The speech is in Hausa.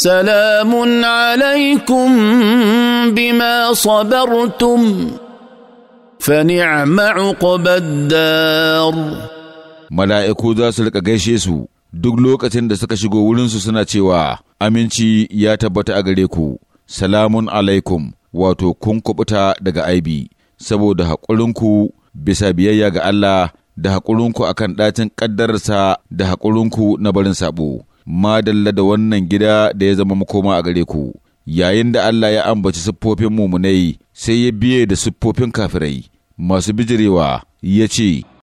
سلام عليكم بما صبرتم فنعم عقبى الدار mala'iku za su riƙa gaishe su duk lokacin da suka shigo wurinsu suna cewa aminci ya tabbata a gare ku salamun alaikum wato kun kubuta daga aibi saboda haƙurinku bisa biyayya ga Allah da haƙurinku akan ɗacin ƙaddararsa da haƙurinku na barin saɓo. madalla da wannan gida da ya zama makoma a gare ku yayin da Allah ya ambaci siffofin mumunai sai ya biye da siffofin kafirai masu bijirewa ya ce